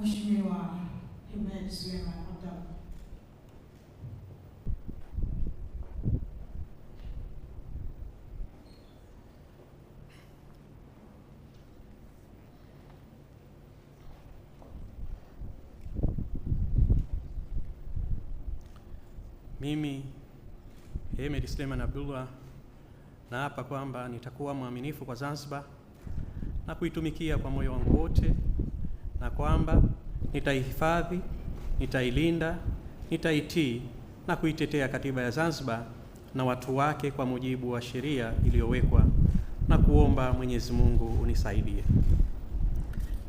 Mheshimiwa Hemed Suleiman Abdalla. Mimi Hemed Suleiman Abdullah naapa kwamba nitakuwa mwaminifu kwa Zanzibar na kuitumikia kwa moyo wangu wote na kwamba nitaihifadhi, nitailinda, nitaitii na kuitetea katiba ya Zanzibar na watu wake kwa mujibu wa sheria iliyowekwa na kuomba Mwenyezi Mungu unisaidie.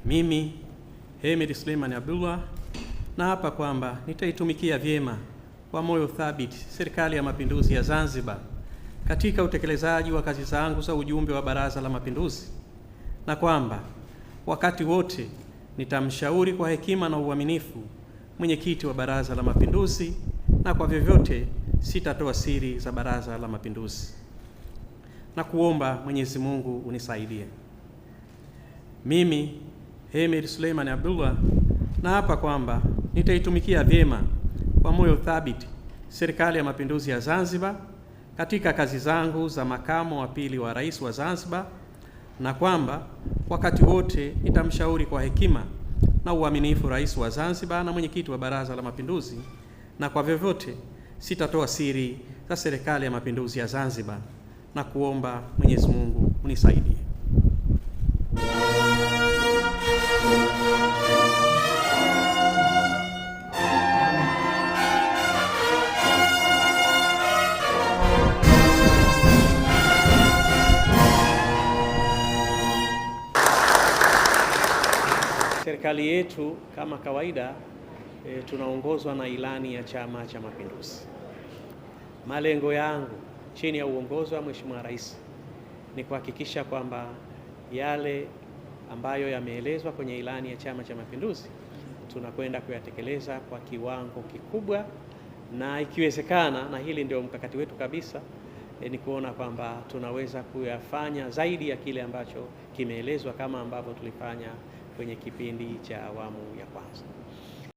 Mimi Hemed Suleiman Abdullah hapa kwamba nitaitumikia vyema kwa moyo thabiti Serikali ya Mapinduzi ya Zanzibar katika utekelezaji wa kazi zangu za ujumbe wa Baraza la Mapinduzi na kwamba wakati wote nitamshauri kwa hekima na uaminifu mwenyekiti wa Baraza la Mapinduzi, na kwa vyovyote sitatoa siri za Baraza la Mapinduzi, na kuomba Mwenyezi Mungu unisaidie. Mimi Hemed Suleiman Abdullah naapa kwamba nitaitumikia vyema kwa moyo thabiti Serikali ya Mapinduzi ya Zanzibar katika kazi zangu za makamo wa pili wa rais wa Zanzibar na kwamba wakati wote nitamshauri kwa hekima na uaminifu Rais wa Zanzibar na mwenyekiti wa Baraza la Mapinduzi, na kwa vyovyote sitatoa siri za Serikali ya Mapinduzi ya Zanzibar na kuomba Mwenyezi Mungu unisaidie. Serikali yetu kama kawaida e, tunaongozwa na ilani ya Chama cha Mapinduzi. Malengo yangu chini ya uongozi wa Mheshimiwa Rais ni kuhakikisha kwamba yale ambayo yameelezwa kwenye ilani ya Chama cha Mapinduzi tunakwenda kuyatekeleza kwa kiwango kikubwa, na ikiwezekana, na hili ndio mkakati wetu kabisa E, ni kuona kwamba tunaweza kuyafanya zaidi ya kile ambacho kimeelezwa kama ambavyo tulifanya kwenye kipindi cha awamu ya kwanza.